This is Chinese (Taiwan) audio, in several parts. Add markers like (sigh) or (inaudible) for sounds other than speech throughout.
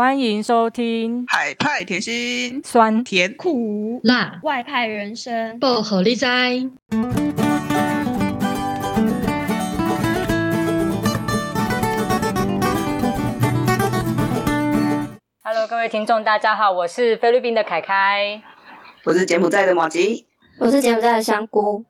歡迎收聽《海派甜心》酸甜苦辣外派人生，薄荷力哉。Hello，各位聽眾，大家好，我是菲律賓的凱凱，我是柬埔寨的馬吉，我是柬埔寨的香菇，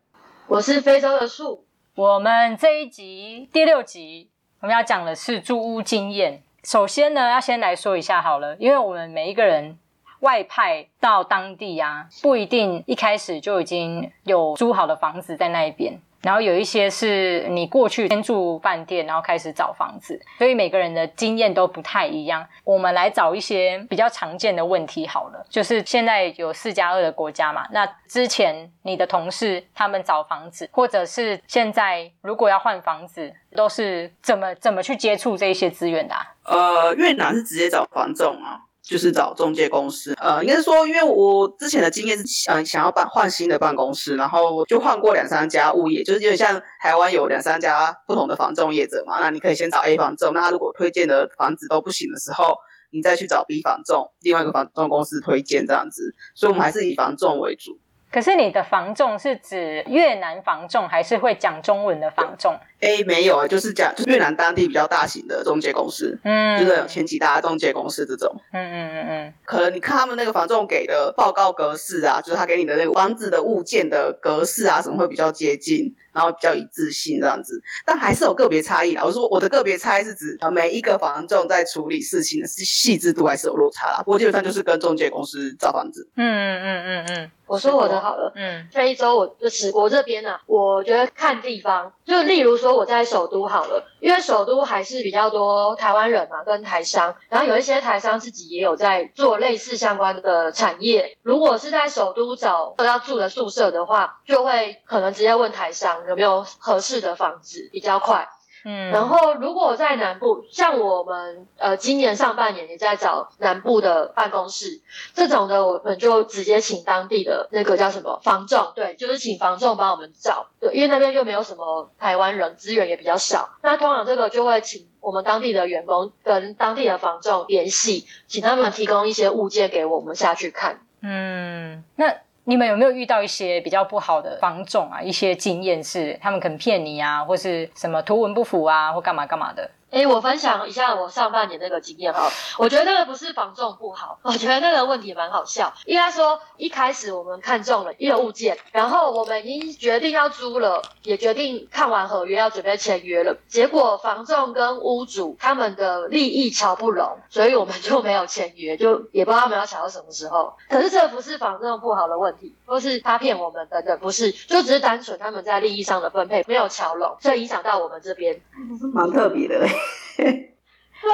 我是非洲的樹。我們這一集第六集，我們要講的是租屋經驗。首先呢，要先來說一下好了，因為我們每一個人外派到當地啊，不一定一開始就已經有租好的房子在那一邊。然後有一些是你過去先住飯店，然後開始找房子，所以每個人的經驗都不太一樣。我們來找一些比較常見的問題好了，就是現在有四加二的國家嘛，那之前你的同事他們找房子，或者是現在如果要換房子，都是怎麼怎麼去接觸這些資源的啊？呃，越南是直接找房仲啊。就是找中介公司，呃，應該是說，因為我之前的經驗是，嗯，想要辦換新的辦公室，然後就換過兩三家物業，就是有點像台灣有兩三家不同的房仲業者嘛。那你可以先找 A 房仲，那他如果推薦的房子都不行的時候，你再去找 B 房仲，另外一個房仲公司推薦這樣子。所以，我們還是以房仲為主。可是你的房仲是指越南房仲，還是會講中文的房仲？誒沒有啊，就是講、就是、越南當地比較大型的中介公司，嗯，就是前幾大中介公司這種，嗯嗯嗯嗯，可能你看他們那個房仲給的報告格式啊，就是他給你的那個房子的物件的格式啊，什麼會比較接近，然後比較一致性這樣子。但還是有個別差異啊。我說我的個別差異是指，呃，每一個房仲在處理事情的細緻度還是有落差啦。我基本上就是跟中介公司造房子，嗯嗯嗯嗯嗯。嗯嗯我說我的好了，嗯，非洲我的是國這邊呢、啊，我覺得看地方，就例如說我在首都好了，因為首都還是比較多台灣人嘛，跟台商，然後有一些台商自己也有在做類似相關的產業。如果是在首都找要住的宿舍的話，就會可能直接問台商有沒有合適的房子，比較快。嗯，然後如果在南部，像我們呃今年上半年也在找南部的辦公室，這種的我們就直接請當地的那個叫什麼房仲，對，就是請房仲幫我們找，對，因為那邊就沒有什麼台灣人，資源也比較少，那通常這個就會請我們當地的員工跟當地的房仲聯繫，請他們提供一些物件給我們下去看，嗯，那。你們有沒有遇到一些比較不好的房仲啊？一些經驗是，他們可能騙你啊，或是什麼圖文不符啊，或幹嘛幹嘛的？誒、欸，我分享一下我上半年那個經驗哈，我覺得那個不是房仲不好，我覺得那個問題蠻好笑。應該說一開始我們看中了一個物件，然後我們已經決定要租了，也決定看完合約要準備簽約了。結果房仲跟屋主他們的利益橋不攏，所以我們就沒有簽約，就也不知道他們要橋到什麼時候。可是這不是房仲不好的問題，或是他騙我們等等，不是，就只是單純他們在利益上的分配沒有橋攏，所以影響到我們這邊。不是蠻特別的。 (laughs) 對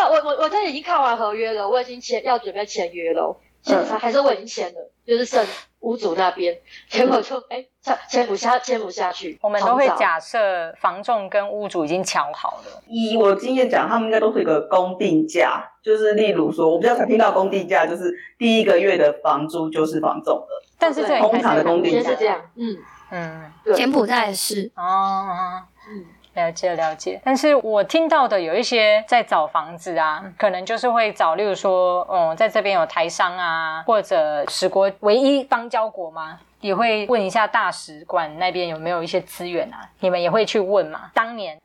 啊、我我我這已經看完合約了，我已經簽要準備簽約了，其實還是我已經簽了， (laughs) 就是剩屋主那邊結果就哎簽簽不下簽不下去。我們都會假設房仲跟屋主已經喬好了。以我經驗講，他們應該都是一個公定價，就是例如說，我比較常聽到公定價就是第一個月的房租就是房仲的，但、啊、是通常的公定價是這樣。嗯嗯，柬埔寨是哦。嗯。嗯了解了解，但是我聽到的有一些在找房子啊，可能就是會找，例如說，嗯，在這邊有台商啊，或者史國唯一邦交國嗎？也會問一下大使館那邊有沒有一些資源啊，你們也會去問嗎？當年，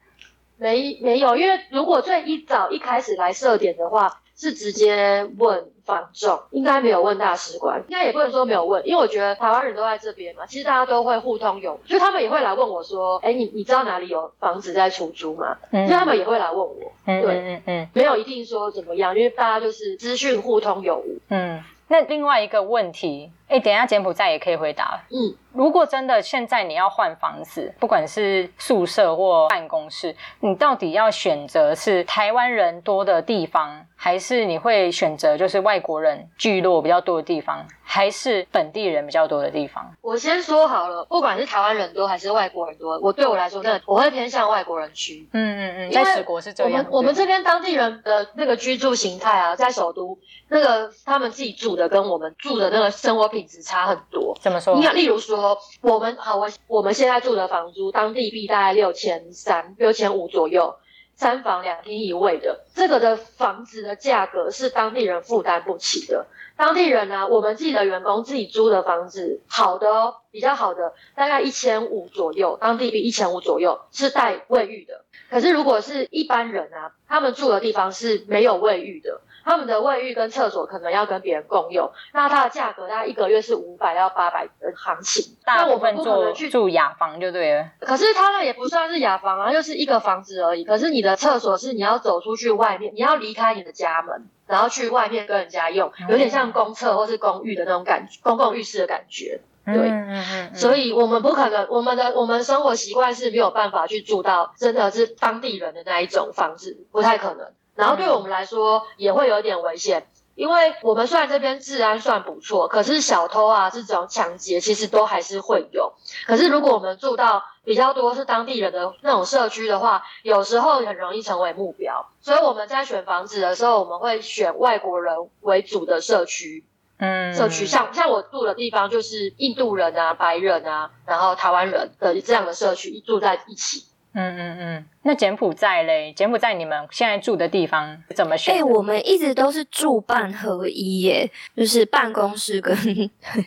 沒沒有，因為如果最一早一開始來設點的話。是直接問房仲，應該沒有問大使館，應該也不能說沒有問，因為我覺得台灣人都在這邊嘛，其實大家都會互通有無，就他們也會來問我說，哎，你你知道哪裡有房子在出租嗎？嗯，就他們也會來問我，對，嗯嗯，嗯，嗯，沒有一定說怎麼樣，因為大家就是資訊互通有無。嗯，那另外一個問題，哎，等一下柬埔寨也可以回答。嗯，如果真的現在你要換房子，不管是宿舍或辦公室，你到底要選擇是台灣人多的地方？還是你會選擇就是外國人聚落比較多的地方，還是本地人比較多的地方？我先說好了，不管是台灣人多還是外國人多，我對我來說，真的，我會偏向外國人區。嗯嗯嗯，在首國是這樣。我們我們這邊當地人的那個居住形態啊，在首都那個他們自己住的，跟我們住的那個生活品質差很多。怎麼說？你看，例如說，我們好，我我們現在住的房租，當地幣大概六千三、六千五左右。三房兩廳一衛的，這個的房子的價格是當地人負擔不起的。當地人呢、啊，我們自己的員工自己租的房子，好的哦，比較好的，大概一千五左右，當地幣，一千五左右，是帶衛浴的。可是如果是一般人啊，他們住的地方是沒有衛浴的。他們的衛浴跟廁所可能要跟別人共用，那它的價格大概一個月是五百到八百的行情。大部分那我們不可能去住雅房，就對了。可是它呢也不算是雅房啊，就是一個房子而已。可是你的廁所是你要走出去外面，你要離開你的家門，然後去外面跟人家用，嗯、有點像公廁或是公寓的那種感覺，公共浴室的感覺。對，嗯嗯嗯，所以我們不可能，我們的我們生活習慣是沒有辦法去住到真的是當地人的那一種房子，不太可能。然後對我們來說也會有點危險，因為我們雖然這邊治安算不錯，可是小偷啊這種搶劫其實都還是會有。可是如果我們住到比較多是當地人的那種社區的話，有時候很容易成為目標。所以我們在選房子的時候，我們會選外國人為主的社區。嗯，社區像像我住的地方就是印度人啊、白人啊，然後台灣人的這樣的社區住在一起。嗯。嗯嗯嗯。嗯那柬埔寨嘞？柬埔寨你們現在住的地方怎麼選？哎、欸，我們一直都是住辦合一耶，就是辦公室跟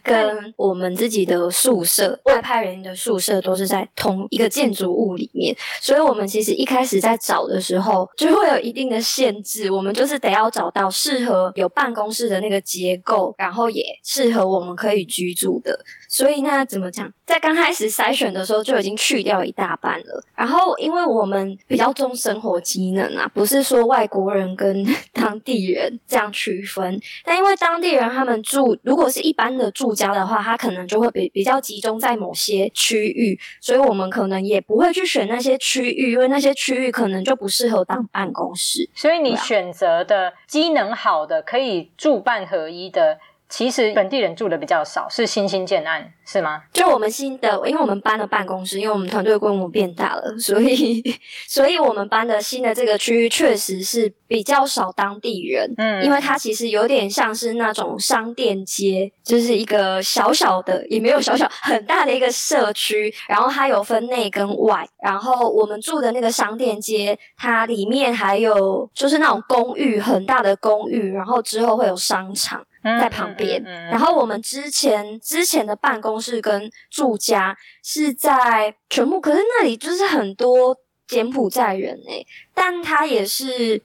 跟我們自己的宿舍、嗯、外派人員的宿舍都是在同一個建築物裡面。所以我們其實一開始在找的時候，就會有一定的限制。我們就是得要找到適合有辦公室的那個結構，然後也適合我們可以居住的。所以那怎麼講？在剛開始篩選的時候就已經去掉一大半了。然後因為我們比較重生活機能啊，不是說外國人跟當地人這樣區分。但因為當地人他們住，如果是一般的住家的話，他可能就會比比較集中在某些區域，所以我們可能也不會去選那些區域，因為那些區域可能就不適合當辦公室。所以你選擇的機能好的，可以住辦合一的。其實本地人住的比較少，是新興建案，是嗎？就我們新的，因為我們搬了辦公室，因為我們團隊的規模變大了，所以，所以我們搬的新的這個區域確實是比較少當地人。嗯，因為它其實有點像是那種商店街，就是一個小小的，也沒有小小，很大的一個社區。然後它有分內跟外，然後我們住的那個商店街，它裡面還有就是那種公寓，很大的公寓，然後之後會有商場。在旁邊、嗯嗯嗯，然後我們之前之前的辦公室跟住家是在全部，可是那裡就是很多柬埔寨人哎、欸，但他也是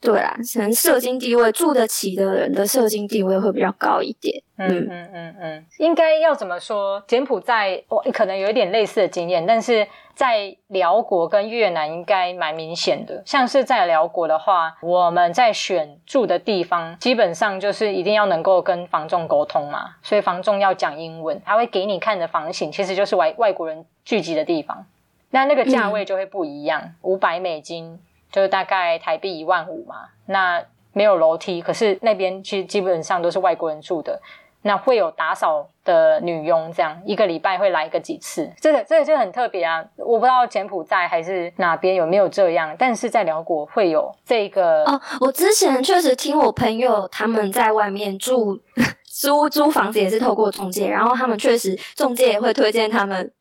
對啦，可能社經地位住得起的人的社經地位會比較高一點。嗯嗯嗯嗯，應該要怎麼說？柬埔寨我可能有一點類似的經驗，但是。在寮國跟越南應該蠻明顯的，像是在寮國的話，我們在選住的地方，基本上就是一定要能夠跟房仲溝通嘛，所以房仲要講英文，他會給你看的房型其實就是外外國人聚集的地方，那那個價位就會不一樣，嗯、五百美金就是大概台幣一萬五嘛，那沒有樓梯，可是那邊其實基本上都是外國人住的。那會有打掃的女傭，這樣一個禮拜會來個幾次，這個這個就很特別啊！我不知道柬埔寨還是哪邊有沒有這樣，但是在寮國會有這個哦。我之前確實聽我朋友他們在外面住，租租房子也是透過中介，然後他們確實中介也會推薦他們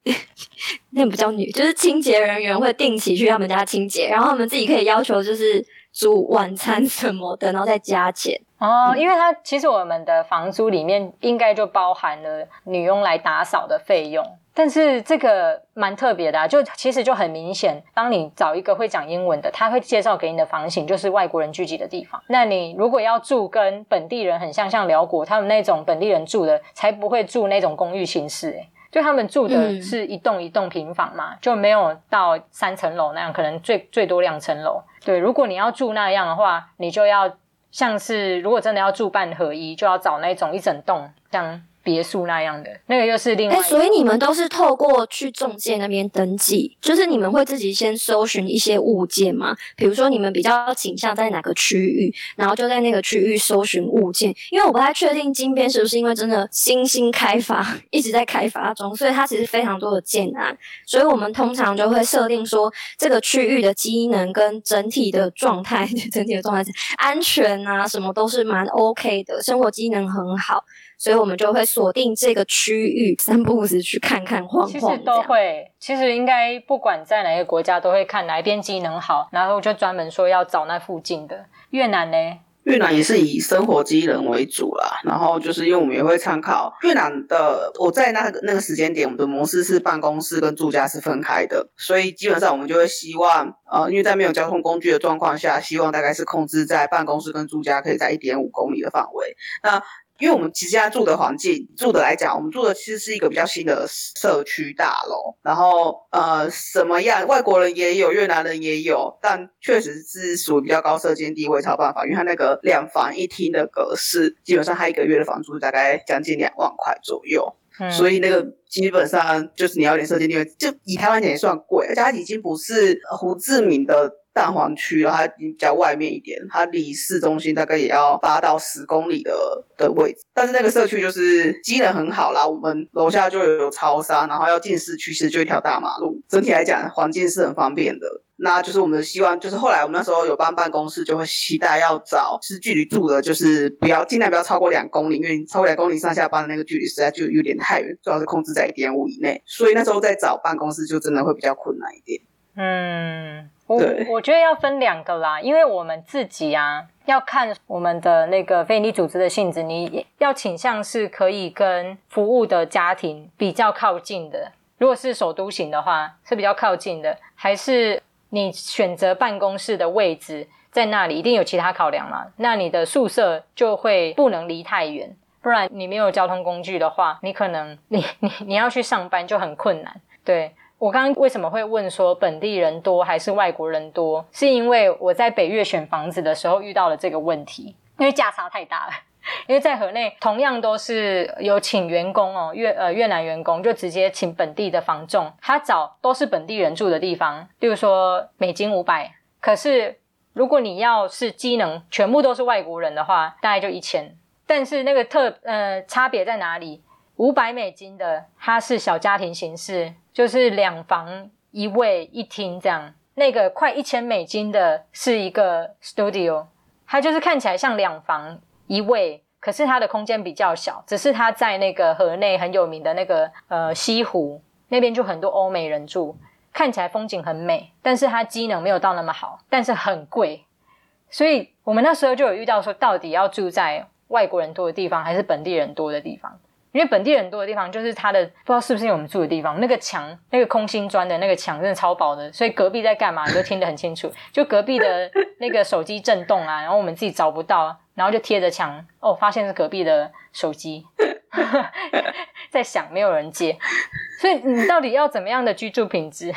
(laughs) 那不叫女，就是清潔人員會定期去他們家清潔，然後他們自己可以要求就是煮晚餐什麼的，然後再加錢。哦，因為它其實我們的房租裡面應該就包含了女傭來打掃的費用，但是這個蠻特別的啊，就其實就很明顯，當你找一個會講英文的，他會介紹給你的房型就是外國人聚集的地方。那你如果要住跟本地人很像，像遼國他們那種本地人住的，才不會住那種公寓形式欸。就他們住的是一棟一棟平房嘛，就沒有到三層樓那樣，可能最最多兩層樓。對，如果你要住那樣的話，你就要。像是如果真的要住辦合一，就要找那種一整棟，這樣。別墅那樣的，那個又是另外。欸，所以你們都是透過去中介那邊登記，就是你們會自己先搜尋一些物件嘛，比如說你們比較傾向在哪個區域，然後就在那個區域搜尋物件。因為我不太確定金邊是不是因為真的新興開發一直在開發中，所以它其實非常多的建案。所以我們通常就會設定說，這個區域的機能跟整體的狀態，整體的狀態是安全啊，什麼都是蠻 OK 的，生活機能很好，所以我們就會。鎖定這個區域，三不五時去看看，晃晃。其實都會，其實應該不管在哪一個國家，都會看哪一邊機能好，然後就專門說要找那附近的。越南呢？越南也是以生活機能為主啦。然後就是因為我們也會參考越南的，我在那個那個時間點，我們的模式是辦公室跟住家是分開的，所以基本上我們就會希望，呃，因為在沒有交通工具的狀況下，希望大概是控制在辦公室跟住家可以在一點五公里的範圍。那因為我們其實現在住的環境住的來講，我們住的其實是一個比較新的社區大樓，然後呃什麼樣，外國人也有，越南人也有，但確實是屬於比較高社經地位，才有辦法。因為它那個兩房一廳的格式，基本上它一個月的房租大概將近兩萬塊左右，嗯，所以那個基本上就是你要有點社經地位，就以台灣講也算貴，而且它已經不是胡志明的。蛋黃區，然後它比較外面一點，它離市中心大概也要八到十公里的的位置。但是那個社區就是機能很好啦，我們樓下就有超商，然後要進市區其實就一條大馬路。整體來講，環境是很方便的。那就是我們希望，就是後來我們那時候有搬辦公室，就會期待要找是距離住的，就是不要盡量不要超過兩公里，因為超過兩公里上下班的那個距離實在就有點太遠，主要是控制在一點五以內。所以那時候再找辦公室就真的會比較困難一點。嗯。我我覺得要分兩個啦，因為我們自己啊，要看我們的那個非營利組織的性質，你要傾向是可以跟服務的家庭比較靠近的。如果是首都型的話，是比較靠近的；還是你選擇辦公室的位置在那裡，一定有其他考量嘛？那你的宿舍就會不能離太遠，不然你沒有交通工具的話，你可能你你你要去上班就很困難，對。我剛剛為什麼會問說本地人多還是外國人多？是因為我在北越選房子的時候遇到了這個問題，因為價差太大了。因為在河內，同樣都是有請員工哦，越呃越南員工就直接請本地的房仲，他找都是本地人住的地方，例如說美金五百。可是如果你要是機能全部都是外國人的話，大概就一千。但是那個特呃差別在哪裡？五百美金的，它是小家庭形式。就是兩房一衛一廳這樣，那個快一千美金的，是一個 studio，它就是看起來像兩房一衛，可是它的空間比較小，只是它在那個河內很有名的那個呃西湖那邊就很多歐美人住，看起來風景很美，但是它機能沒有到那麼好，但是很貴，所以我們那時候就有遇到說，到底要住在外國人多的地方，還是本地人多的地方？因為本地人多的地方，就是它的不知道是不是我們住的地方，那個牆，那個空心磚的那個牆真的超薄的，所以隔壁在幹嘛你都聽得很清楚。就隔壁的那個手機震動啊， (laughs) 然後我們自己找不到，然後就貼着牆哦，發現是隔壁的手機 (laughs) 在響，沒有人接。所以你到底要怎麼樣的居住品質？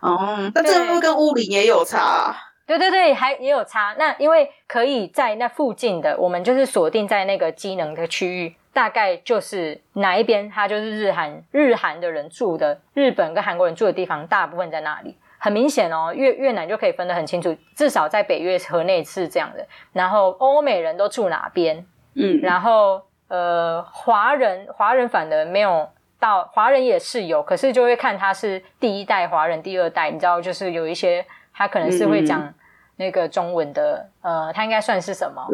哦、嗯，那這跟物理也有差，啊，對對對，還也有差。那因為可以在那附近的，我們就是鎖定在那個機能的區域。大概就是哪一邊，他就是日韓日韓的人住的，日本跟韓國人住的地方大部分在那裡。很明顯哦，越越南就可以分得很清楚，至少在北越河內是這樣的。然後歐美人都住哪邊？嗯，然後呃，華人華人反而沒有到，華人也是有，可是就會看他是第一代華人，第二代，你知道，就是有一些他可能是會講那個中文的，嗯、呃，他應該算是什麼？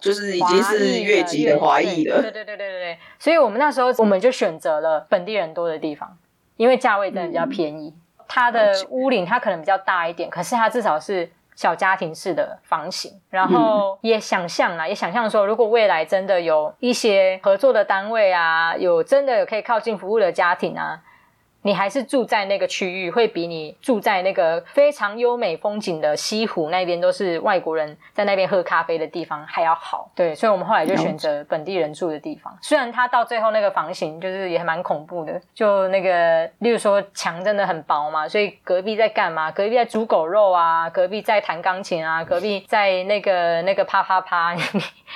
就是已經是越籍的華裔、華裔了，對對對對對、對，所以我們那時候我們就選擇了本地人多的地方，因為價位真的比較便宜。嗯、它的屋齡它可能比較大一點，可是它至少是小家庭式的房型。然後也想象啦、嗯、也想象說，如果未來真的有一些合作的單位啊，有真的有可以靠近服務的家庭啊。你還是住在那個區域，會比你住在那個非常優美風景的西湖那邊，都是外國人在那邊喝咖啡的地方還要好。對，所以我們後來就選擇本地人住的地方。雖然它到最後那個房型就是也蠻恐怖的，就那個，例如說牆真的很薄嘛，所以隔壁在幹嘛？隔壁在煮狗肉啊，隔壁在彈鋼琴啊，隔壁在那個那個啪啪啪，你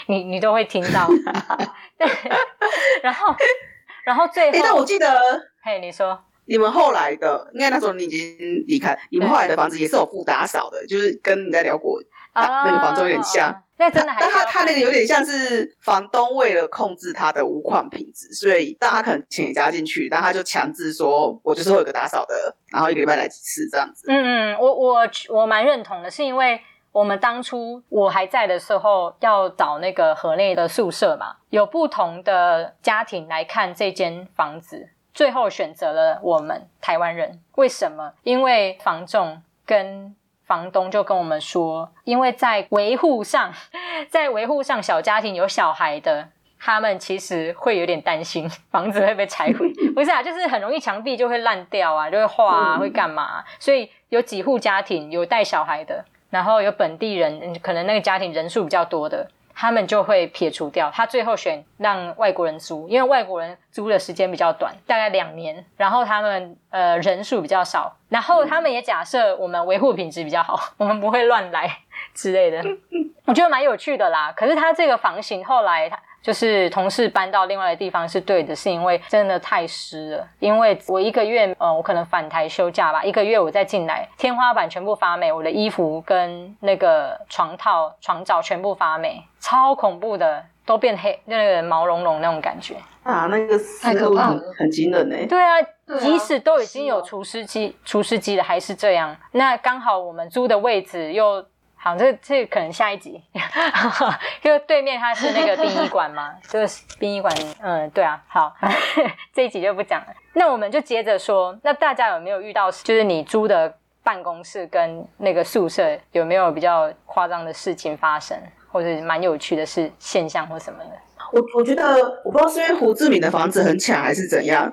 你你都會聽到。 (laughs) 對，然後然後最後，欸、但我記得，嘿、hey，你說。你們後來的，因為那時候你已經離開。你們後來的房子也是有附打掃的，就是跟你在寮國、啊、那，那個房子有點像。啊、那真的還是，但他他那個有點像是房東為了控制他的屋況品質，所以當他可能請你加進去，但他就強制說，我就是會有個打掃的，然後一個禮拜來幾次這樣子。嗯嗯，我我我蠻認同的，是因為我們當初我還在的時候，要找那個河內的宿舍嘛，有不同的家庭來看這間房子。最後選擇了我們台灣人，為什麼？因為房仲跟房東就跟我們說，因為在維護上，在維護上，小家庭有小孩的，他們其實會有點擔心房子會被拆毀，不是啊，就是很容易牆壁就會爛掉啊，就會化啊，嗯，會幹嘛啊？所以有幾戶家庭有帶小孩的，然後有本地人，可能那個家庭人數比較多的。他們就會撇除掉，他最後選讓外國人租，因為外國人租的時間比較短，大概兩年，然後他們呃人數比較少，然後他們也假設我們維護品質比較好，嗯，我們不會亂來。之類的，我覺得蠻有趣的啦。可是他這個房型後來他就是同事搬到另外的地方是對的，是因為真的太濕了。因為我一個月，呃，我可能返台休假吧，一個月我再進來，天花板全部發霉，我的衣服跟那個床套、床罩全部發霉，超恐怖的，都變黑，就那個毛茸茸那種感覺啊，那個很太可怕了，很驚人誒、欸，對啊、對啊，即使都已經有除濕機、除濕機的，還是這樣。那剛好我們租的位置又。這這可能下一集，因為對面他是那個殯儀館嘛， (laughs) 就是殯儀館，嗯，對啊，好，呵呵，這一集就不講了。那我們就接着說，那大家有沒有遇到，就是你租的辦公室跟那個宿舍有沒有比較誇張的事情發生，或者蠻有趣的事現象或什麼的？我我覺得，我不知道是因為胡志明的房子很搶還是怎樣。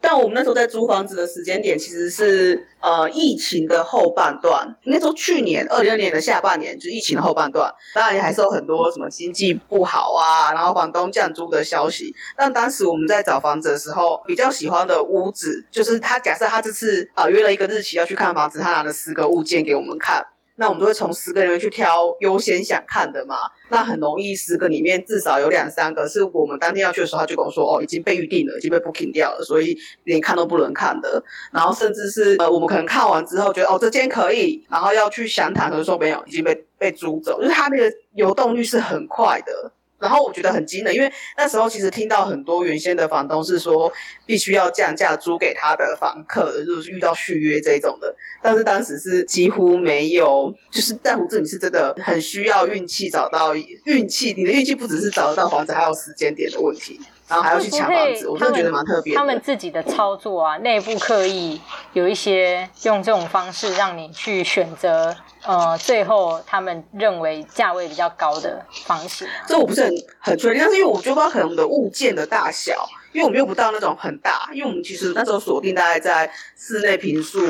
但我們那時候在租房子的時間點，其實是呃疫情的後半段。那時候去年二零二零年的下半年，就是疫情的後半段。當然還是有很多什麼經濟不好啊，然後房東降租的消息。但當時我們在找房子的時候，比較喜歡的屋子，就是他假設他這次啊、呃、約了一個日期要去看房子，他拿了十個物件給我們看。那我們都會從十個裡面去挑優先想看的嘛，那很容易，十個裡面至少有兩三個是我們當天要去的時候，他就跟我說，哦，已經被預定了，已經被 booking 掉了，所以連看都不能看的。然後甚至是，呃，我們可能看完之後覺得，哦，這間可以，然後要去詳談，可是說沒有，已經被被租走，就是它那個流動率是很快的。然後我覺得很驚人，因為那時候其實聽到很多原先的房東是說必須要降價租給他的房客，就是，是遇到續約這一種的。但是當時是幾乎沒有，就是但我自己是真的很需要運氣找到運氣，你的運氣不只是找得到房子，還有時間點的問題。然後還要去搶房子，會會我真的覺得蠻特別的。他們自己的操作啊，內部刻意有一些用這種方式讓你去選擇，呃，最後他們認為價位比較高的方式。這我不是很很確定，但是因為我覺得可能我們的物件的大小，因為我們用不到那種很大，因為我們其實那時候鎖定大概在室內坪數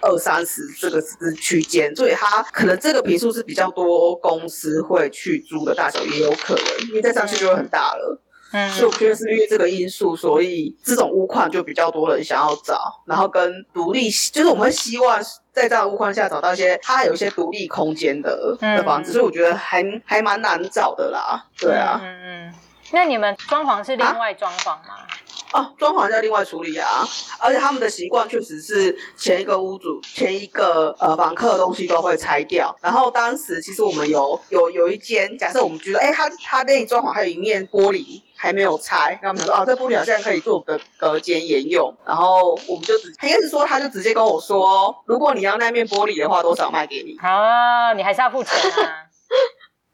二三十這個區間，所以它可能這個坪數是比較多公司會去租的大小，也有可能因為再上去就會很大了。嗯嗯，就我覺得是因為這個因素，所以這種屋況就比較多人想要找，然後跟獨立，就是我們會希望在這樣的屋況下找到一些它有一些獨立空間的的房子，所、嗯、以我覺得還還蠻難找的啦，對啊。嗯嗯，嗯。那你們裝潢是另外裝潢嗎？哦、啊，裝、啊、潢，要另外處理啊，而且他們的習慣確實是前一個屋主前一個呃房客的東西都會拆掉，然後當時其實我們有有有，有一間假設我們覺得哎他他那裡裝潢還有一面玻璃。還沒有拆，他們說啊，這玻璃好像可以做隔隔間沿用，然後我們就直接，他應該是說他就直接跟我說，如果你要那面玻璃的話，多少賣給你。啊，你還是要付錢啊。 (laughs)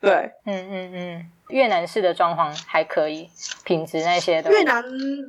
對，嗯嗯嗯，越南式的裝潢還可以，品質那些的越南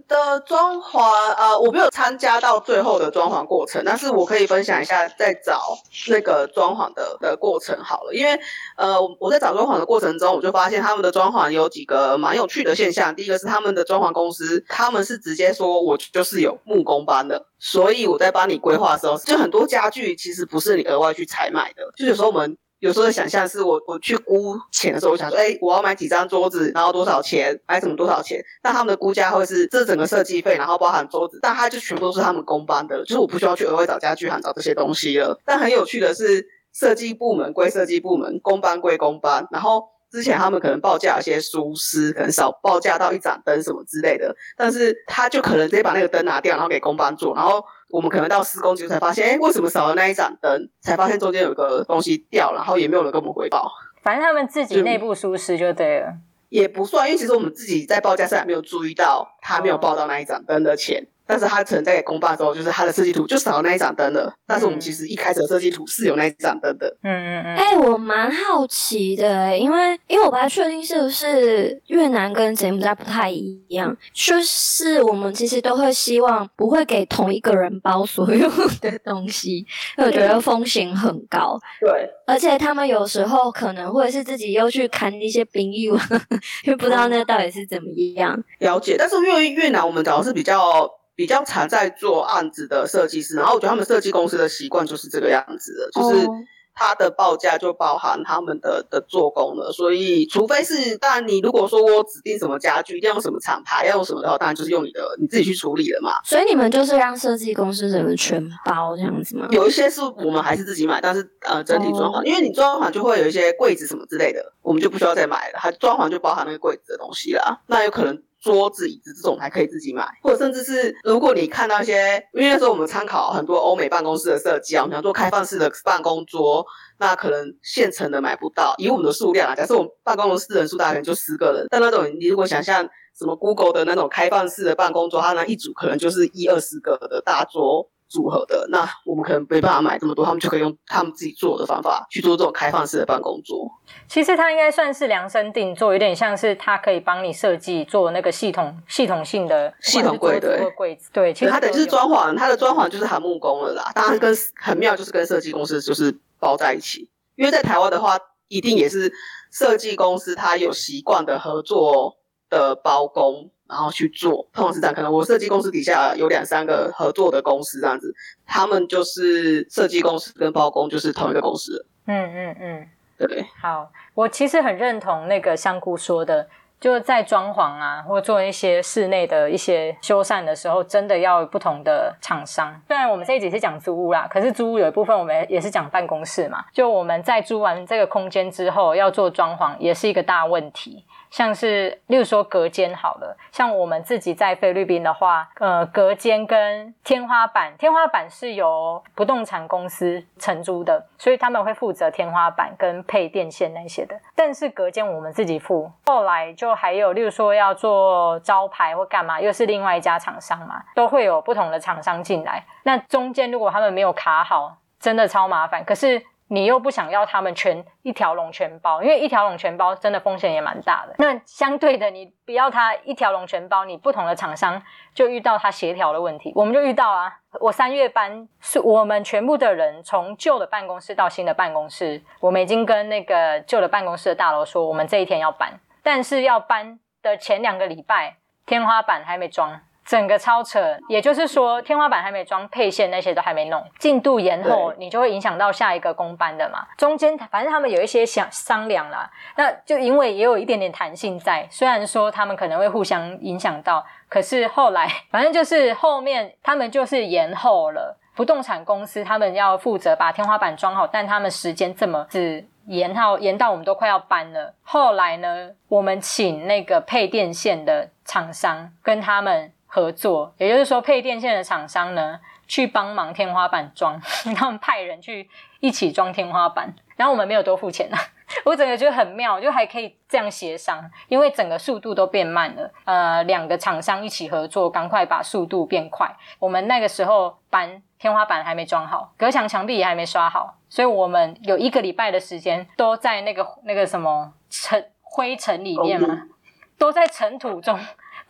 的裝潢，呃，我沒有參加到最後的裝潢過程，但是我可以分享一下在找那個裝潢的的過程好了。因為，呃，我在找裝潢的過程中，我就發現他們的裝潢有幾個蠻有趣的現象。第一個是他們的裝潢公司，他們是直接說我就是有木工班的，所以我在幫你規劃的時候，就很多家具其實不是你額外去採買的，就有時候我們。有時候的想象是我我去估錢的時候，我想說，誒、欸、我要買幾張桌子，然後多少錢？買什麼多少錢？但他們的估價會是這整個設計費，然後包含桌子，但他就全部都是他們工班的，就是我不需要去額外找家具行找這些東西了。但很有趣的是，設計部門歸設計部門，工班歸工班。然後之前他們可能報價有些疏失，可能少報價到一盞燈什麼之類的，但是他就可能直接把那個燈拿掉，然後給工班做，然後。我們可能到施工結束才發現，哎、欸，為什麼少了那一盞燈？才發現中間有個東西掉，然後也沒有人跟我們回報。反正他們自己內部疏失就對了，也不算，因為其實我們自己在報價上還沒有注意到，他沒有報到那一盞燈的錢。哦但是他可能在公拜之後，就是他的設計圖就少那一盞燈了。但是我們其實一開始的設計圖是有那一盞燈的。嗯嗯嗯。哎、嗯嗯欸，我蠻好奇的、欸，因為因為我不太確定是不是越南跟柬埔寨不太一樣、嗯，就是我們其實都會希望不會給同一個人包所有的東西，因為我覺得風險很高。對。而且他們有時候可能會是自己又去看那些兵役， (laughs) 因為不知道那到底是怎麼樣、嗯、了解。但是因為越南我們主要是比較。比較常在做案子的設計師，然後我覺得他們設計公司的習慣就是這個樣子的，oh. 就是他的報價就包含他們的的做工了，所以除非是，當然你如果說我指定什麼家具，一定要用什麼廠牌，要用什麼的話，當然就是用你的你自己去處理了嘛。所以你們就是讓設計公司整個全包這樣子嗎？有一些是我們還是自己買，但是呃整體裝潢，oh. 因為你裝潢就會有一些櫃子什麼之類的，我們就不需要再買了，它裝潢就包含那個櫃子的東西啦。那有可能，桌子、椅子這種還可以自己買，或者甚至是如果你看到一些，因為那時候我們參考很多歐美辦公室的設計，我們想做開放式的辦公桌，那可能現成的買不到，以我們的數量啊，假設我們辦公室的人數大概就十個人，但那種你如果想像什麼 Google 的那種開放式的辦公桌，它那一組可能就是一二十個的大桌。組合的，那我們可能沒辦法買這麼多，他們就可以用他們自己做的方法去做這種開放式的辦公桌。其實它應該算是量身定做，有點像是它可以幫你設計做那個系統系統性的系統櫃的，櫃子對，對，其實它等於是裝潢，它的裝潢就是含木工了啦。當然跟很妙就是跟設計公司就是包在一起，因為在台灣的話，一定也是設計公司他有習慣的合作的包工。然後去做，通常是這樣。可能我設計公司底下有兩三個合作的公司，這樣子，他們就是設計公司跟包工就是同一個公司。嗯嗯嗯，對。好，我其實很認同那個香菇說的，就在裝潢啊，或做一些室內的一些修繕的時候，真的要有不同的廠商。雖然我們這一集是講租屋啦，可是租屋有一部分我們也是講辦公室嘛。就我們在租完這個空間之後，要做裝潢，也是一個大問題。像是，例如說隔間好了，像我們自己在菲律賓的話，呃，隔間跟天花板，天花板是由不動產公司承租的，所以他們會負責天花板跟配電線那些的。但是隔間我們自己付，後來就還有，例如說要做招牌或幹嘛，又是另外一家廠商嘛，都會有不同的廠商進來。那中間如果他們沒有卡好，真的超麻煩。可是。你又不想要他們全一條龍全包，因為一條龍全包真的風險也蠻大的。那相對的，你不要它一條龍全包，你不同的廠商就遇到它協調的問題。我們就遇到啊，我三月搬，是我們全部的人從舊的辦公室到新的辦公室，我們已經跟那個舊的辦公室的大樓說，我們這一天要搬，但是要搬的前兩個禮拜，天花板還沒裝。整個超扯，也就是說，天花板還沒裝，配線那些都還沒弄，進度延後，你就會影響到下一個工班的嘛。中間反正他們有一些想商量啦，那就因為也有一點點彈性在，雖然說他們可能會互相影響到，可是後來反正就是後面他們就是延後了。不動產公司他們要負責把天花板裝好，但他們時間這麼只延後，延到我們都快要搬了。後來呢，我們請那個配電線的廠商跟他們。合作，也就是說配電線的廠商呢，去幫忙天花板裝， (laughs) 他們派人去一起裝天花板，然後我們沒有多付錢啊，我整個就很妙，就還可以這樣協商，因為整個速度都變慢了。呃，兩個廠商一起合作，趕快把速度變快。我們那個時候搬，天花板還沒裝好，隔牆牆壁也還沒刷好，所以我們有一個禮拜的時間都在那個那個什麼塵灰塵裡面嘛，都在塵土中。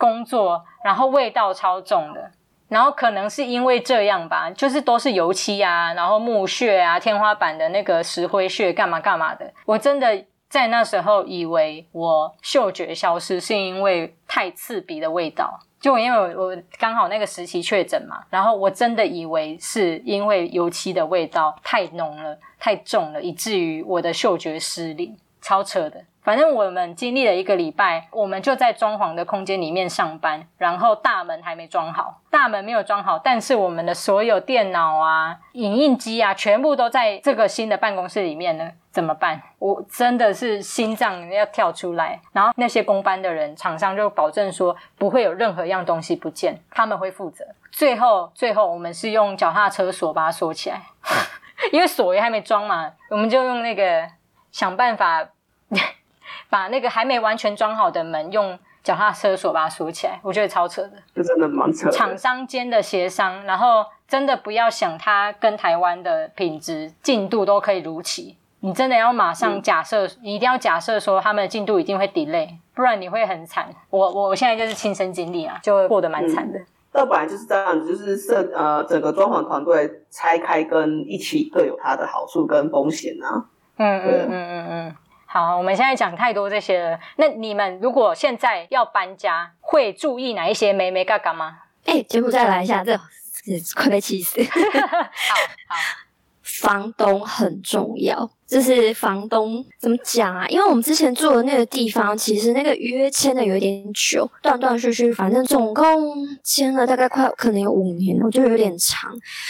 工作，然後味道超重的，然後可能是因為這樣吧，就是都是油漆啊，然後木屑啊，天花板的那個石灰屑，幹嘛幹嘛的。我真的在那時候以為我嗅覺消失是因為太刺鼻的味道，就因為我我剛好那個時期確診嘛，然後我真的以為是因為油漆的味道太濃了，太重了，以至於我的嗅覺失靈，超扯的。反正我們經歷了一個禮拜，我們就在裝潢的空間裡面上班，然後大門還沒裝好，大門沒有裝好，但是我們的所有電腦啊、影印機啊，全部都在這個新的辦公室裡面呢，怎麼辦？我真的是心臟要跳出來。然後那些工班的人，廠商就保證說不會有任何一樣東西不見，他們會負責。最後，最後我們是用腳踏車鎖把它鎖起來， (laughs) 因為鎖也還沒裝嘛，我們就用那個想辦法。 (laughs) 把那個還沒完全裝好的門用腳踏車鎖把它鎖起來，我覺得超扯的。這真的蠻扯的。廠商間的協商，然後真的不要想它跟台灣的品質進度都可以如期，你真的要馬上假設，嗯、你一定要假設說他們的進度一定會 delay，不然你會很慘。我我現在就是親身經歷啊，就過得蠻慘的。那本來就是這樣，就是設呃整個裝潢團隊拆開跟一起各有它的好處跟風險啊。嗯嗯嗯嗯嗯。嗯嗯好，我們現在講太多這些了。那你們如果現在要搬家，會注意哪一些眉眉角角嗎？哎、欸，結果再來一下，這快被氣死。 (laughs) (laughs) 好好，房東很重要。就是房東怎麼講啊？因為我們之前住的那個地方，其實那個約簽的有點久，斷斷續續，反正總共簽了大概快可能有五年，我覺得有點長。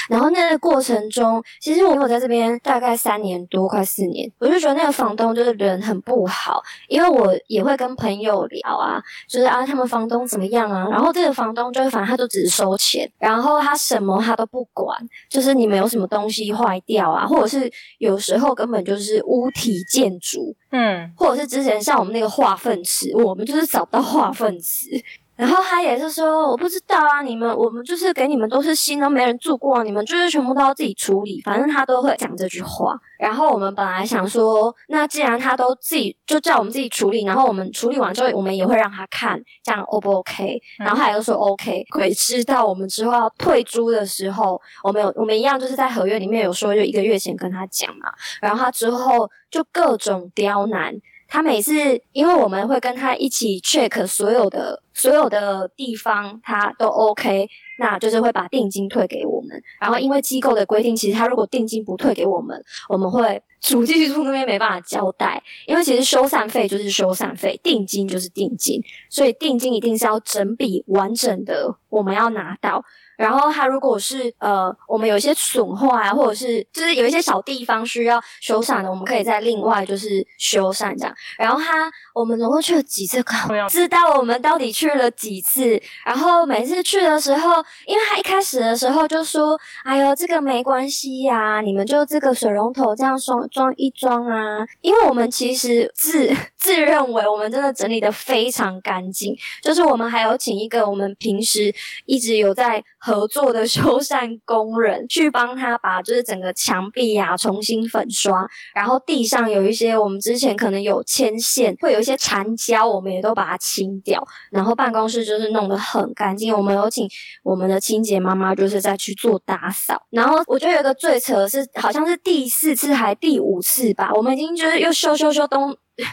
然後那個過程中，其實我有在這邊大概三年多，快四年，我就覺得那個房東就是人很不好。因為我也會跟朋友聊啊，就是啊，他們房東怎麼樣啊？然後這個房東就反正他都只收錢，然後他什麼他都不管，就是你們有什麼東西壞掉啊，或者是有時候根本就。就是屋體建築，嗯，或者是之前像我們那個化糞池，我們就是找不到化糞池。然後他也是說我不知道啊，你們我們就是給你們都是新，都沒人住過啊，你們就是全部都要自己處理，反正他都會講這句話。然後我們本來想說，那既然他都自己就叫我們自己處理，然後我們處理完之後，我們也會讓他看，這樣 O 不 OK？嗯，然後他又說 OK，鬼知道我們之後要退租的時候，我們有我們一樣就是在合約裡面有說，就一個月前跟他講嘛。然後他之後就各種刁難。他每次因為我們會跟他一起 check 所有的所有的地方，他都 OK，那就是會把定金退給我們。然後因為機構的規定，其實他如果定金不退給我們，我們會主進去住那邊沒辦法交代。因為其實修繕費就是修繕費，定金就是定金，所以定金一定是要整筆完整的，我們要拿到。然後他如果是呃，我們有一些損壞啊，或者是就是有一些小地方需要修繕的，我們可以再另外就是修繕這樣。然後他我們總共去了幾次，知道我們到底去了幾次？然後每次去的時候，因為他一開始的時候就說：“哎呦，這個沒關係呀，啊，你們就這個水龍頭這樣裝裝一裝啊。”因為我們其實自自認為我們真的整理得非常乾淨，就是我們還有請一個我們平時一直有在。合作的修繕工人去幫他把就是整個牆壁呀、啊、重新粉刷，然後地上有一些我們之前可能有牽線會有一些殘膠，我們也都把它清掉。然後辦公室就是弄得很乾淨，我們有請我們的清潔媽媽就是再去做打掃。然後我覺得有一個最扯是，好像是第四次還第五次吧，我們已經就是又修修修東。呵呵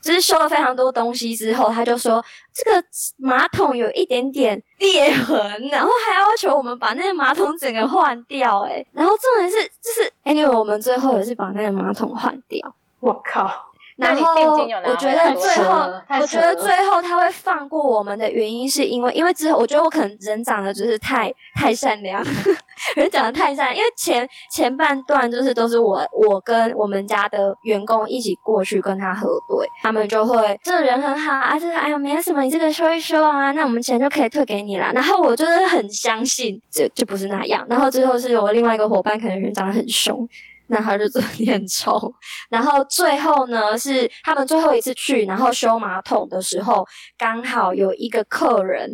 就是修了非常多東西之後，他就說這個馬桶有一點點裂痕，然後還要求我們把那個馬桶整個換掉，欸。哎，然後重點是，就是因為，anyway, 我們最後也是把那個馬桶換掉。我靠！然後我覺得最後，我覺得最後他會放過我們的原因，是因為因為之後我覺得我可能人長得就是太太善良呵呵，人長得太善良，因為前前半段就是都是我我跟我們家的員工一起過去跟他核對，他們就會這個人很好啊，這個哎呀沒有什麼，你這個說一說啊，那我們錢就可以退給你了。然後我就是很相信這，就就不是那樣。然後最後是有另外一個夥伴，可能人長得很凶。男孩就做念抽，然後最後呢是他們最後一次去，然後修馬桶的時候，剛好有一個客人，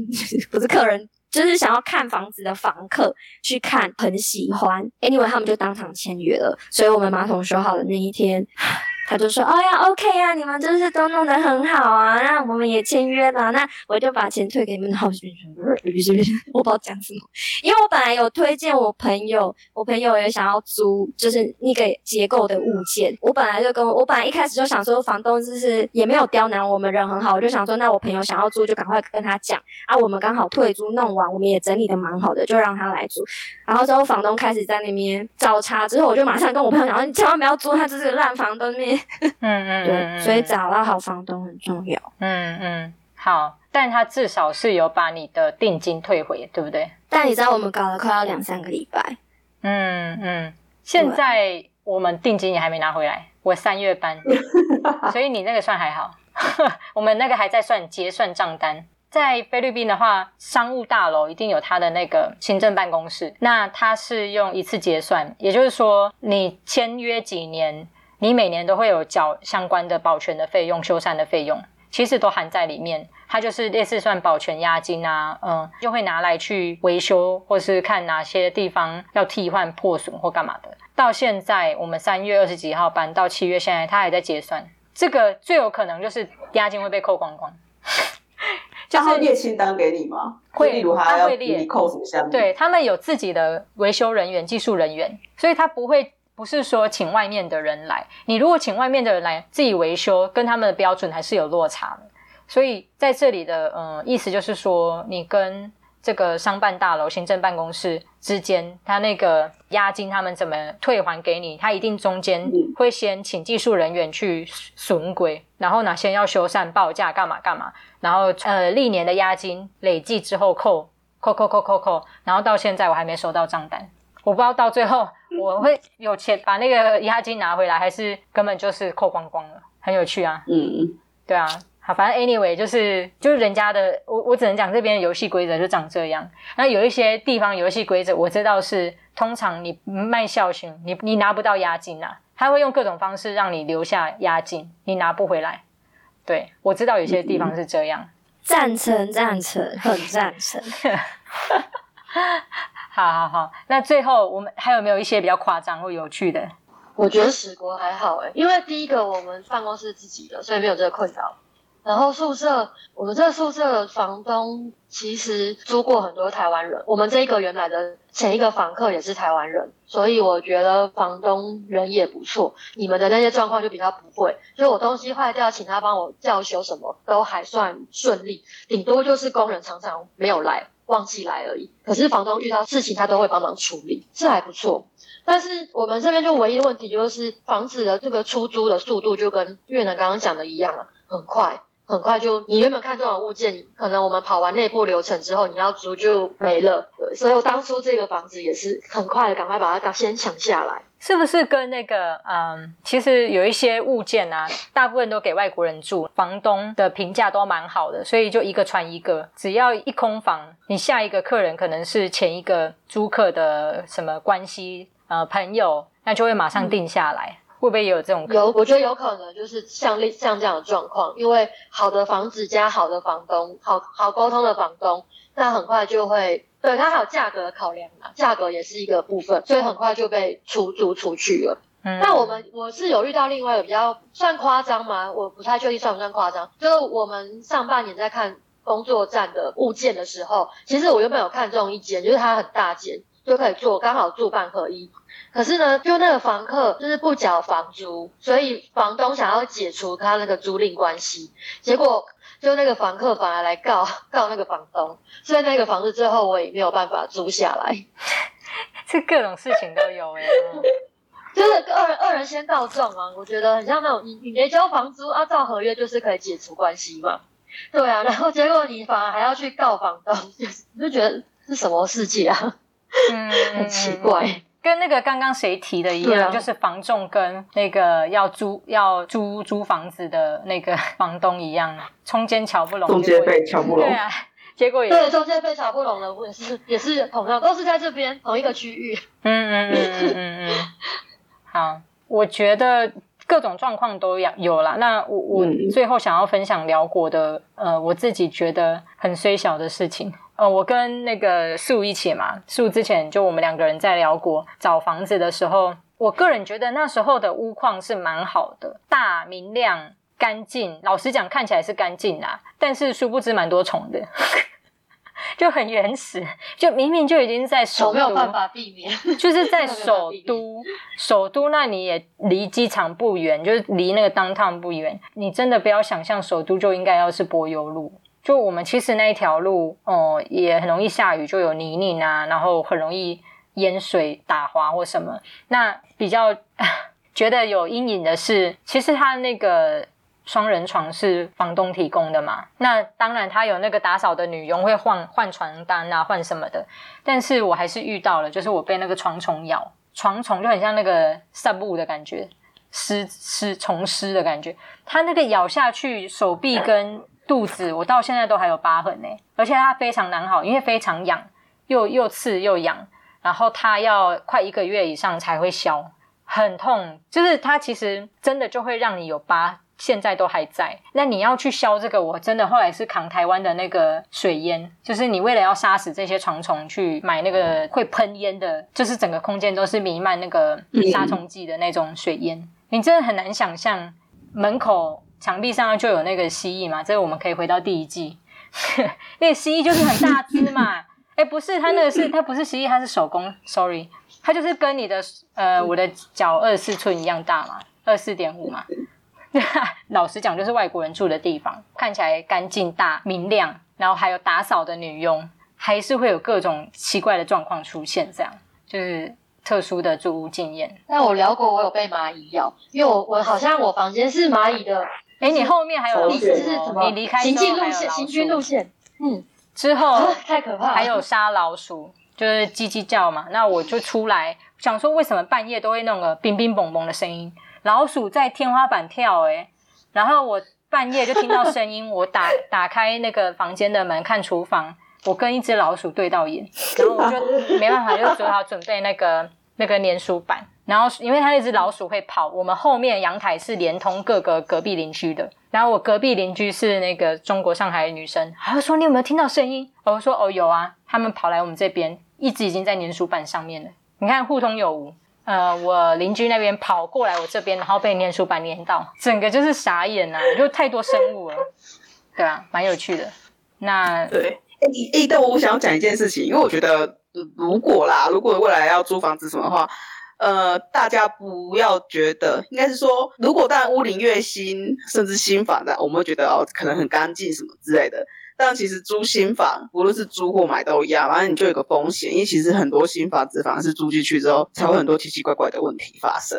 不是客人，就是想要看房子的房客去看，很喜歡，Anyway 他們就當場簽約了，所以我們馬桶修好的那一天。 (laughs) 他就說：“哎呀，OK 呀，你們就是都弄得很好啊，那我們也簽約了，那我就把錢退給你們。”好心說：“別別別別別，我不知道講什麼，因為我本來有推薦我朋友，我朋友也想要租，就是那個結構的物件。我本來就跟我，我本來一開始就想說，房東就是也沒有刁難我們，人很好，我就想說，那我朋友想要租，就趕快跟他講啊。我們剛好退租弄完，我們也整理的蠻好的，就讓他來租。然後之後，房東開始在那邊找茬，之後我就馬上跟我朋友講，你千萬不要租他，這是爛房東。”那 (laughs) 嗯嗯，嗯，對，所以找到好房東很重要。嗯嗯，好，但他至少是有把你的定金退回，對不對？但你知道我們搞了快要兩三個禮拜。嗯嗯，現在我們定金也還沒拿回來。我三月搬， (laughs) 所以你那個算還好。 (laughs) 我們那個還在算結算賬單。在菲律賓的話，商務大樓一定有他的那個行政辦公室。那他是用一次結算，也就是說你簽約幾年。你每年都會有繳相關的保全的費用、修繕的費用，其實都含在裡面。它就是類似算保全押金啊，嗯，就會拿來去維修，或者是看哪些地方要替換、破損或幹嘛的。到現在，我們三月二十幾號搬，到七月現在，它還在結算。這個最有可能就是押金會被扣光光。 (laughs) 就是會啊、他會列清單給你嗎？會，他會列你扣什麼？對，他們有自己的維修人員、技術人員，所以他不會。不是說請外面的人來，你如果請外面的人來自己維修，跟他們的標準還是有落差的。所以在這裡的嗯、呃、意思就是說，你跟這個商辦大樓、行政辦公室之間，他那個押金他們怎麼退還給你？他一定中間會先請技術人員去損規，然後呢，先要修繕報價幹嘛幹嘛，然後呃歷年的押金累計之後扣，扣扣扣扣扣扣，然後到現在我還沒收到賬單。我不知道到最後我會有錢把那個押金拿回來，還是根本就是扣光光了，很有趣啊。嗯，對啊，好，反正 anyway 就是就是人家的，我我只能講這邊的遊戲規則就長這樣。那有一些地方遊戲規則我知道是，通常你賣孝訓你你拿不到押金啊，他會用各種方式讓你留下押金，你拿不回來。對，我知道有些地方是這樣。贊、嗯、成，贊成，很贊成。 (laughs) 好好好，那最後我們還有沒有一些比較誇張或有趣的？我覺得史國還好誒、欸，因為第一個我們辦公室是自己的，所以沒有這個困擾。然後宿舍，我們這個宿舍的房東其實租過很多台灣人，我們這一個原來的前一個房客也是台灣人，所以我覺得房東人也不錯。你們的那些狀況就比較不會，就我東西壞掉，請他幫我叫修什麼，都還算順利，頂多就是工人常常沒有來。忘記來而已，可是房東遇到事情他都會幫忙處理，這還不錯。但是我們這邊就唯一的問題就是房子的這個出租的速度就跟越南剛剛講的一樣了、啊，很快，很快就你原本看中的物件，可能我們跑完內部流程之後你要租就沒了，所以我當初這個房子也是很快的，趕快把它先搶下來。是不是跟那個嗯，其實有一些物件啊，大部分都給外國人住，房東的評價都蠻好的，所以就一個傳一個，只要一空房，你下一個客人可能是前一個租客的什麼關係呃朋友，那就會馬上定下來，嗯、會不會也有這種可能？有，我覺得有可能，就是像像這樣的狀況，因為好的房子加好的房東，好好溝通的房東，那很快就會。對，它還有價格考量嘛，價格也是一個部分，所以很快就被出租出去了。嗯，嗯，那我們我是有遇到另外一個比較算誇張嗎？我不太確定算不算誇張，就是我們上半年在看工作站的物件的時候，其實我原本有看中一間，就是它很大間，就可以做剛好住辦合一。可是呢，就那個房客就是不繳房租，所以房東想要解除他那個租賃關係，結果。就那個房客反而來告告那個房東，所以那個房子最後我也沒有辦法租下來，這各種事情都有哎， (laughs) 就是二人二人先告狀啊，我覺得很像那種你你沒交房租啊，照合約就是可以解除關係嘛，對啊，然後結果你反而還要去告房東，就你就覺得是什麼世界啊？嗯， (laughs) 很奇怪。跟那個剛剛誰提的一樣，啊、就是房仲跟那個要租要租租房子的那個房東一樣，中間橋不攏，中介費橋不攏，對啊，結果也對，中介費橋不攏了，也是也是朋友，都是在這邊同一個區域，嗯嗯嗯嗯嗯嗯，好，我覺得各種狀況都要有，有啦。那我我最後想要分享聊國的，呃，我自己覺得很衰小的事情。呃，我跟那個素一起嘛，素之前就我們兩個人在聊過找房子的時候，我個人覺得那時候的屋況是蠻好的，大、明亮、乾淨。老實講，看起來是乾淨啦，但是殊不知蠻多蟲的， (laughs) 就很原始。就明明就已經在首都，沒有辦法避免， (laughs) 就是在首都。首都那你也離機場不遠，就是離那個當 n 不遠。你真的不要想象首都就應該要是柏油路。就我們其實那一條路，哦、嗯，也很容易下雨，就有泥濘啊，然後很容易淹水打滑或什麼。那比較覺得有陰影的是，其實他那個雙人床是房東提供的嘛。那當然他有那個打掃的女傭會換換床單啊，換什麼的。但是我還是遇到了，就是我被那個床蟲咬，床蟲就很像那個散步的感覺，濕濕蟲濕的感覺，它那個咬下去，手臂跟。肚子我到現在都還有疤痕呢。欸，而且它非常難好，因為非常癢，又又刺又癢，然後它要快一個月以上才會消，很痛，就是它其實真的就會讓你有疤，現在都還在。那你要去消這個，我真的後來是扛台灣的那個水煙，就是你為了要殺死這些床蟲，去買那個會噴煙的，就是整個空間都是瀰漫那個殺蟲劑的那種水煙，嗯、你真的很難想象門口，牆壁上就有那個蜥蜴嘛，這個我們可以回到第一季。 (laughs) 那個蜥蜴就是很大隻嘛。哎、欸，不是，它那個是它不是蜥蜴，它是手工。Sorry，它就是跟你的呃我的腳二四寸一樣大嘛，二四點五嘛。 (laughs) 老實講，就是外國人住的地方，看起來乾淨大明亮，然後還有打掃的女傭，還是會有各種奇怪的狀況出現。這樣就是特殊的住屋經驗。但我聊過，我有被螞蟻咬，因為我我好像我房間是螞蟻的。哎、欸，你後面還有，你你離開之後還有，行軍路線，行軍路線，嗯，之後、啊、太可怕了，還有殺老鼠，就是嘰嘰叫嘛。那我就出來想說，為什麼半夜都會弄個冰冰蒙蒙的聲音？老鼠在天花板跳，欸，然後我半夜就聽到聲音， (laughs) 我打打開那個房間的門，看廚房，我跟一隻老鼠對到眼，然後我就 (laughs) 沒辦法，就只好準備那個那個粘鼠板然後，因為它一只老鼠會跑，我們後面的陽台是連通各個隔壁鄰居的。然後我隔壁鄰居是那個中國上海的女生，她說：“你有沒有聽到聲音？”我說：“哦，有啊，他們跑來我們這邊，一直已經在粘鼠板上面了。你看互通有無。呃，我鄰居那邊跑過來我這邊，然後被粘鼠板粘到，整個就是傻眼吶、啊，就太多生物了。對啊，蠻有趣的。那對，哎哎，但我我想要講一件事情，因為我覺得如果啦，如果未來要租房子什麼的話。呃，大家不要覺得，應該是說，如果當然屋齡越新，甚至新房的，我們會覺得哦，可能很乾淨什麼之類的。但其實租新房，無論是租或買都一樣，反正你就有個風險，因為其實很多新房子，反而是租進去之後，才會很多奇奇怪怪的問題發生，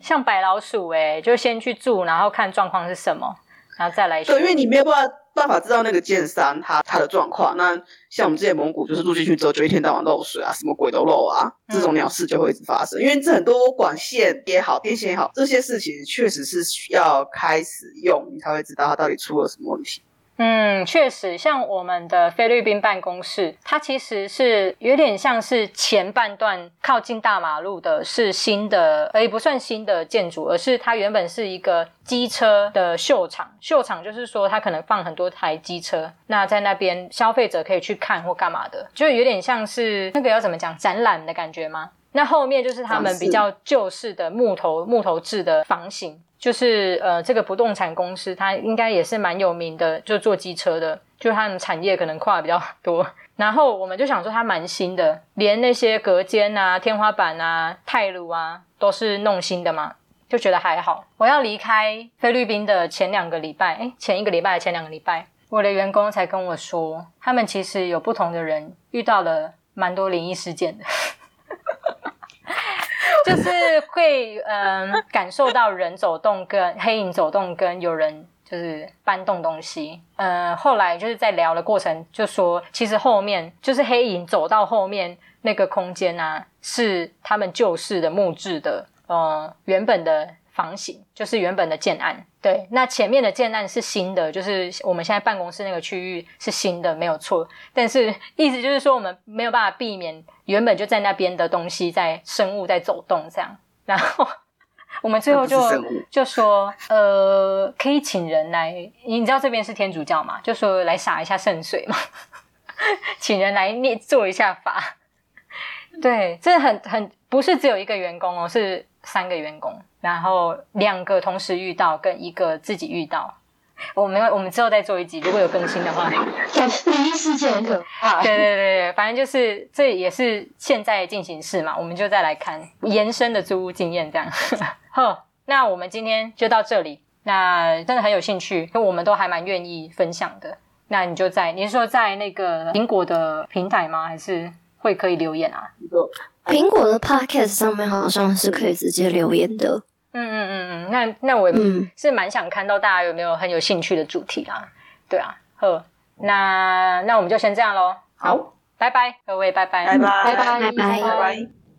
像白老鼠誒、欸，就先去住，然後看狀況是什麼。然、啊、後再來一次。對，因為你沒有辦法辦法知道那個建商他他的狀況。那像我們這些蒙古，就是住進去之後就一天到晚漏水啊，什麼鬼都漏啊，這種鳥事就會一直發生。嗯、因為這很多管線也好，電線也好，這些事情確實是需要開始用，你才會知道它到底出了什麼問題。嗯，確實，像我們的菲律賓辦公室，它其實是有點像是前半段靠近大馬路的是新的，哎，不算新的建築，而是它原本是一個機車的秀場。秀場就是說，它可能放很多台機車，那在那邊消費者可以去看或幹嘛的，就有點像是那個要怎麼講，展覽的感覺嗎？那後面就是他們比較舊式的木頭、啊、木頭製的房型，就是呃，這個不動產公司它應該也是蠻有名的，就做機車的，就他們產業可能跨的比較多。 (laughs) 然後我們就想說它蠻新的，連那些隔間啊、天花板啊、泰魯啊都是弄新的嘛，就覺得還好。我要離開菲律賓的前兩個禮拜，哎，前一個禮拜、前兩個禮拜，我的員工才跟我說，他們其實有不同的人遇到了蠻多靈異事件的。 (laughs) (laughs) 就是會嗯、呃、感受到人走動跟黑影走動跟有人就是搬動東西，嗯、呃，後來就是在聊的過程就說，其實後面就是黑影走到後面那個空間啊，是他們舊式的木質的，呃，原本的。房型就是原本的建案。對，那前面的建案是新的，就是我們現在辦公室那個區域是新的，沒有錯。但是意思就是說，我們沒有辦法避免原本就在那邊的東西在，在生物在走動這樣。然後我們最後就就說，呃，可以請人來，你知道這邊是天主教嘛，就說來灑一下聖水嘛， (laughs) 請人來念做一下法。對，這很，很，不是只有一個員工哦，是三個員工。然後兩個同時遇到，跟一個自己遇到，我們我們之後再做一集，如果有更新的話，一 (laughs) (laughs) (laughs) 對對對對，反正就是這也是現在的進行式嘛，我們就再來看延伸的租屋經驗這樣。好， (laughs) 那我們今天就到這裡。那真的很有興趣，因為我們都還蠻願意分享的。那你就在你是說在那個蘋果的平台嗎？還是會可以留言啊？蘋果的 Podcast 上面好像是可以直接留言的。嗯嗯嗯嗯，那那我也是蠻想看到大家有沒有很有興趣的主題啦、啊，對啊，呵，那那我們就先這樣嘍，好，拜拜，各位拜拜，拜拜，拜拜，拜拜。